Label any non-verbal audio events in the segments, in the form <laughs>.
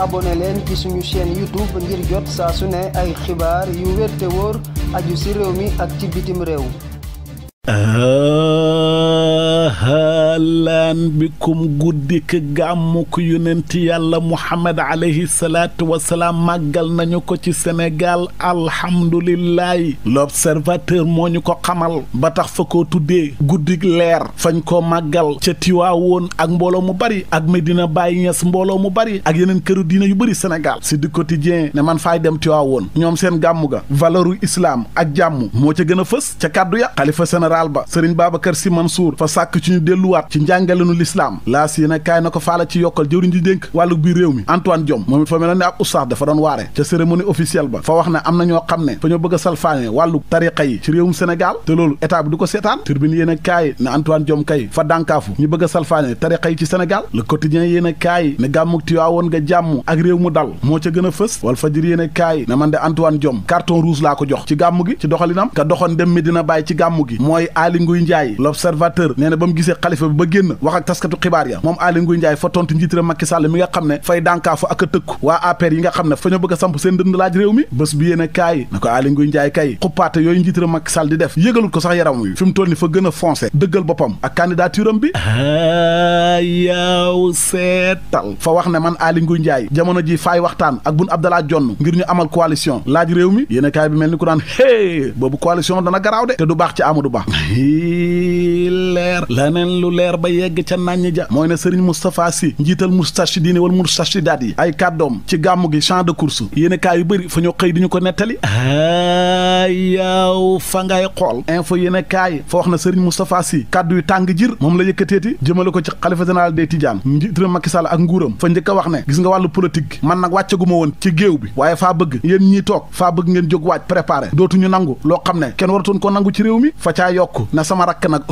abonné leen ci suñu chaîne YouTube ngir jot su ne ay xibaar yu wér aju ci réew mi ak ci bitim réew ahlan bikum guddik gàmmuk yonent yàlla muhammad alayhi salaatu wasalaam màggal nañu ko ci sénégal alhamdulillahi l'observateur moo ñu ko xamal ba tax fa ko tuddee guddik leer fañ ko màggal ca tiwaawoon ak mbooloo mu bari ak dina bàyyi Niass mbooloo mu bari ak yeneen këru diine yu bari sénégal si di quotidien ne man faay dem tiwaawoon ñoom seen gàmmu ga valeuru islaam ak jàmm moo ca gën fës ca kàddu ya xalifa général ba sëriñ babacar si delluwaat ci njàngalenu lislaam laas yéen kaay na ko faala ci yokkal jëwriñ di dénk wàllu biir réew mi Antoine Diome moom it fa mel ne ab oustaz dafa doon waare ca cérémonie officielle ba fa wax ne am na ñoo xam ne fa ñoo bëgg a wàllu tariqa yi ci réewum Sénégal te loolu état bi du ko seetaan turbine yéen kaay ne Antoine Diome kay fa dànkaafu ñu bëgg a salfaane yi ci Sénégal le quotidien yéen kaay ne gàmmuk Tiwaawoon nga jàmm ak réew a bi ba génn wax ak taskatu xibaar ya moom Aly Ngouille Ndiaye fa tontu njiitëram Macky mi nga xam ne fay dànkaafu ak a tëkku waa APR yi nga xam ne fa ñoo bëgg samp seen dënd laaj réew mi bés bi yéen kaay na ko Aly Ngouille Ndiaye kay xuppaate yooyu njiitëram Macky di def yëgalul ko sax yaram wi fi mu ni fa gën a foncé dëggal boppam ak candidature am bi ah, yaaw seetal fa wax ne man Aly Ngouille Ndiaye jamono ji faay waxtaan ak Boun Abdallah Dionne ngir a <laughs> leer ba yegg ca nàññi ja mooy ne sëriñ Moustapha Sy njiital moustarchidine wal moustarchidaat yi ay kàddoom ci gàmmu gi champ de course yéenekaay yu bëri fa ñoo xëy di ñu ko nettali yaaw fa ngay xool info yéenekaay fa wax na sëriñ Moustapha Sy kàddu yu tàng jir moom la yëkkateeti jëmale ko ci xalifa général des Tidianes njiital Macky Sall ak nguuram fa njëkk a wax ne gis nga wàllu politique man nag wàccaguma woon ci géew bi waaye faa bëgg yéen ñiy toog faa bëgg ngeen jóg waaj préparé dootuñu nangu loo xam ne kenn waratoon ko nangu ci réew mi fa yokk na sama rakk nag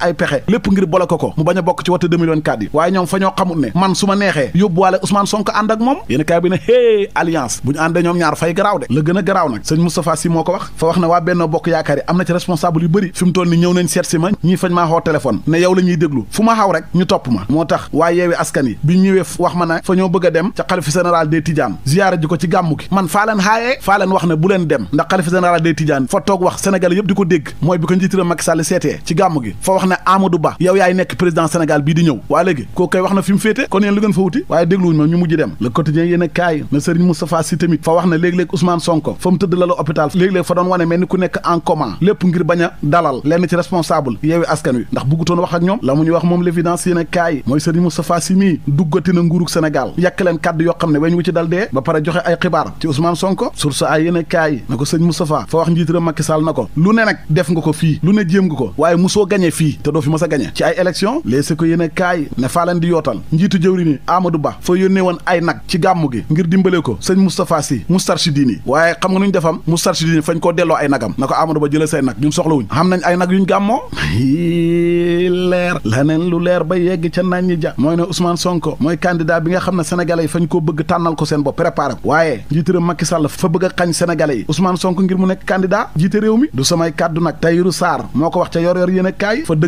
ay pexe lépp ngir bolo ko ko mu bañ a bokk ci wata 2024 yi waaye ñoom fa ñoo xamut ne man su ma neexee yóbbuwaale Ousmane Sonko ànd ak moom yéen kaay bi ne hé alliance bu ñu àndee ñoom ñaar fay garaaw de la gën a garaaw nag sëñ Moustapha Sy moo ko wax fa wax ne waa Benno Bokk Yaakaar yi am na ci responsable yu bëri fi mu ni ñëw nañ seet si ma ñii fañ maa xoo téléphone ne yow la déglu fu ma xaw rek ñu topp ma moo tax waa yeewi askan yi bi ñëwee wax ma ne fa ñoo bëgg dem ca xalifa général des Tidianes ziyaara ko ci gàmmu gi man faa leen xaayee faa leen wax ne bu leen dem ndax xalifa général des Tidianes fa yëpp di ko dégg mooy bi ko njiitira Macky Sall ci gàmmu gi fa ne Amadou Ba yow yaay nekk président Sénégal bii di ñëw waa léegi kooku koy wax na fi féete kon yéen lu ngeen fa wuti waaye dégluwuñ ma ñu mujj dem le quotidien yéen a kaay na Serigne Moustapha Sy tamit fa wax ne léeg-léeg Ousmane Sonko fa mu tëdd la la hôpital léeg fa doon wane mel ni ku nekk en commun lépp ngir bañ a dalal lenn ci responsable yeewi askan wi ndax buggutoon wax ak ñoom la mu ñu wax moom l'évidence yéen a kaay mooy Serigne Moustapha Sy mii duggati xam ne ba pare joxe ay xibaar ci na ko sëñ Moustapha na ko lu ne ko fii lu te doo fi mës a gañe ci ay élection les ko yéen a kaay ne faa leen di yootal njiitu jëwri ni Amadou Ba fa yónnee woon ay nag ci gàmmu gi ngir dimbale ko sëñ Moustapha Sy Moustarchidine yi waaye xam nga nu ñu defam Moustarchidine fañ koo delloo ay nagam na ko Amadou Ba jëlee say nag ñun soxlawuñ xam nañ ay nag yuñ gàmmoo <laughs> leer laneen lu leer ba yegg ca nañ ñi ja mooy ne Ousmane Sonko mooy candidat bi nga xam ne sénégalais yi fañ koo bëgg tànnal ko seen bopp préparé waaye njiitëram Macky Sall fa bëgg a xañ sénégalais yi Ousmane Sonko ngir mu nekk candidat jiite réew mi du samay kàddu nag Tahirou Sarr moo ko wax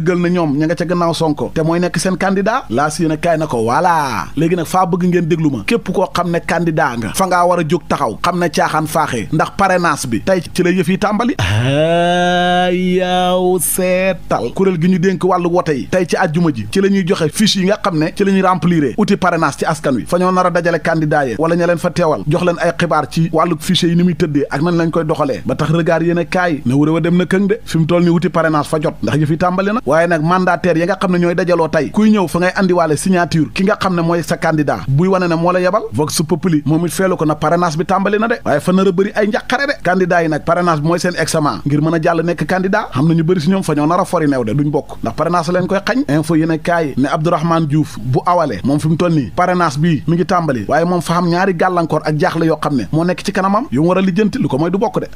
dëggal na ñoom ña nga ca gannaaw Sonko te mooy nekk seen candidat laa si a kaay na ko voilà léegi nag faa bëgg ngeen déglu ma képp koo xam ne kandidaa nga fa ngaa war a jóg taxaw xam ne caaxaan faaxee ndax parrainage bi tey ci la yëf yi tàmbali yaaw seetal kuréel gi ñu dénk wàllu wote yi tey ci àjjuma ji ci la ñuy joxe fiche yi nga xam ne ci la ñuy remplir outil parrainage ci askan wi fa ñoo nar a dajale candidat yi wala ña leen fa teewal jox leen ay xibaar ci wàllu fiche yi ni muy tëddee ak nan lañ koy doxalee a kaay ne wuré wa dem na këng jot ndax yëf yi tàmbali na waaye nag mandataire yi nga xam ne ñooy dajaloo tey kuy ñëw fa ngay andiwaale signature ki nga xam ne mooy sa candidat buy wane ne moo la yebal vox populi moom it feelu ko na parrainage bi tàmbali na de waaye fa nar a bëri ay njàqare de candidat yi nag parrainage bi mooy seen examen ngir mën a jàll nekk candidat xam na ñu bëri si ñoom fa ñoo nar a fori neew de duñ bokk ndax parrainage leen koy xañ info yi ne ne Abdourahmane Diouf bu awale moom toll nii parrainage bi mi ngi tàmbali waaye moom fa xam ñaari gàllankoor ak jaaxle yoo xam ne moo nekk ci kanamam yu a lijjanti lu ko mooy du bokk de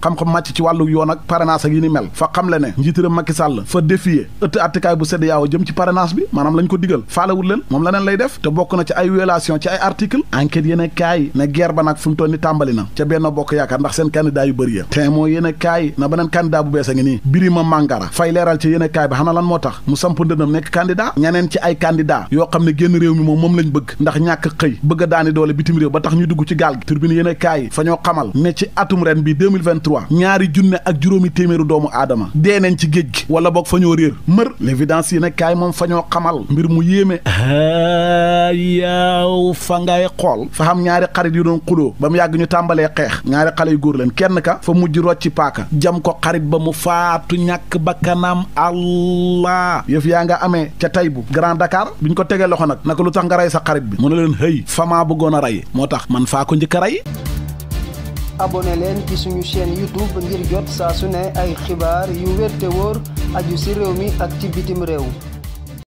xam-xam màcc ci wàllu yoon ak parrainage ak mel fa ne njiitaram Macky Sall fa défier ëtt attikaay bu sedd yaaw jëm ci parrainage bi maanaam lañ ko digal faalewul leen moom leneen lay def te bokk na ci ay violation ci ay article enquête yéen a kaay ne guerre ba nag fu ni tàmbali na ca benn bokk yaakaar ndax seen candidat yu bëri ya te moo a kaay na beneen candidat bu bees a ngi nii Birima Mangara fay leeral ci yéen a kaay ba xana moo tax mu samp ndëndam nekk candidat ñeneen ci ay candidat yoo xam ne génn réew mi moom moom lañ bëgg ndax ñàkk xëy bëgg a doole bitim réew tax ñu dugg ci gaal gi turbine yéen a kaay atum ren bi 2023 ñaari junne ak juróomi téeméeru doomu aadama dee nañ ci géej gi wala boog fa ñoo réer mër l'évidence yi ne kaay moom fa xamal mbir mu yéeme yaaw fa ngay xool fa xam ñaari xarit yu doon xuloo ba mu yàgg ñu tàmbalee xeex ñaari xale yu góor leen kenn ka fa mujj rocci paaka jam ko xarit ba mu faatu ñàkk bakkanam allah yëf yaa nga amee ca tey bu Grand Dakar bi ñu ko tegee loxo nag naka lu tax nga rey sa xarit bi mu ne leen hëy famaa bëggoon a rey moo tax man faa ko njëkk a rey abonné leen ci suñu chaîne YouTube ngir jot saa su ne ay xibaar yu wér wóor aju ci réew mi ak ci bitim réew